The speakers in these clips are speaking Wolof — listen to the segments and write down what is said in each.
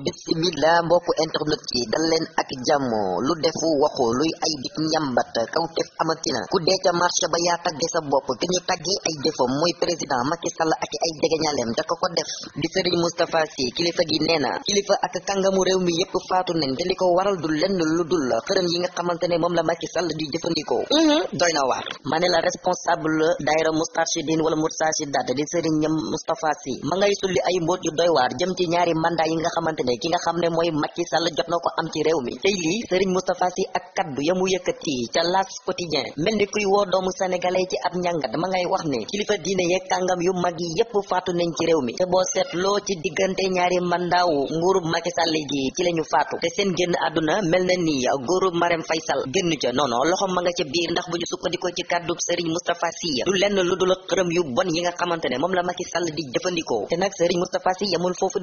bismillah mbokku internet yi dal leen ak jàmm lu defu waxu luy ay dik njàmbat kawtef amatina ku dee ca marché ba yaa tagge sa bopp ki ñu tàggee ay defam mooy président Macky Sall ak ay jegeñaaleem da ko ko def di sëriñ Moustapha Sy kilifa gi nee na kilifa ak kàngamu réew mi yépp faatu nañ te li ko waral du lenn lu dul xërëm yi nga xamante moom la Macky Sall di jëfandikoo mhm, doy na waar ma ne la responsable daayira Moustarchidine wala Moustarchidaty di sëriñ Moustapha Sy ne ki nga xam ne mooy Macky Sall jot na ko am ci réew mi tey lii Serigne Moustapha Sy ak kaddu ya mu yëkkati ca las quotidien mel ni kuy woo doomu sénégalais ci ab ma ngay wax ne kilifa diine yeeg ñaari mandaawu nguurub Macky Sall ci la ñu faatu te seen génn àdduna mel na ni góorub Marème Faye Sall génn ca non non loxo ma nga ca biir ndax bu ñu sukkandikoo ci kaddu Serigne Moustapha Sy du lenn lu dul xërëm yu bon yi nga xamante ne moom la Macky Sall di jëfandikoo te nag Serigne Moustapha Sy yamul foofu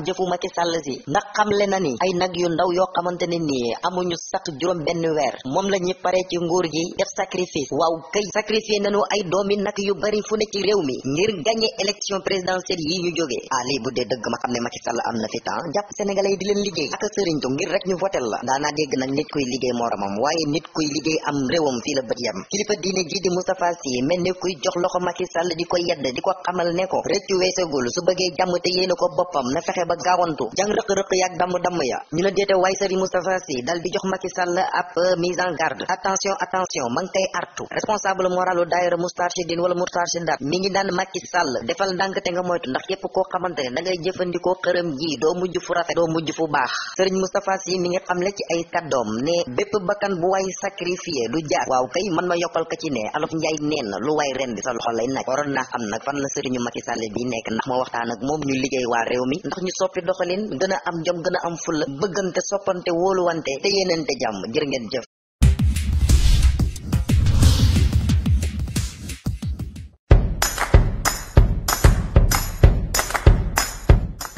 am jëfu Macky Sall si ndax xamle na ni ay nag yu ndaw yoo xamante nii amuñu sax juróom benn weer moom la pare ci nguur gi def sacrifice waaw kay sacrifice nañu ay doomi nag yu bari fu ne ci réew mi ngir gagné élection présidentielle yi ñu jógee ah lii bu dee dëgg ma xam ne Macky am na fi temps jàpp sénégalais yi di leen liggéey ak sëriñtu ngir rek ñu votel la daanaa dégg nag nit kuy liggéey moromam waaye nit kuy liggéey am réewam fii la bët yam ba gaawantu jàng rëq-rëq yaak damm-damm ya ñu la deete waay sëriñ Moustapha Sy dal di jox Macky Sall ab euh, mise en garde attention attention ma ngi koy artu responsable moralu daayira Moustarchidine wala Moustarchidaat mi ngi daan Macky Sall da ngay jëfandikoo xërëm ji doo mujj fu rafet doo mujj fu baax sëriñ Moustapha Sy mi ngi xamle ci ay kàddoom ne bépp bakkan bu way sacrifié du jaar waaw kay man ma yokkal ka ci ne alof njaay neen lu way ren sa loxo lay naj waroon naa la sëriñu Macky Sall bi nekk ndax ma waxtaan ak ñuy soppi doxalin gën a am jom gën a am fulla bëggante soppante wóoluwante te yéenante jàmm jërë ngeen jëf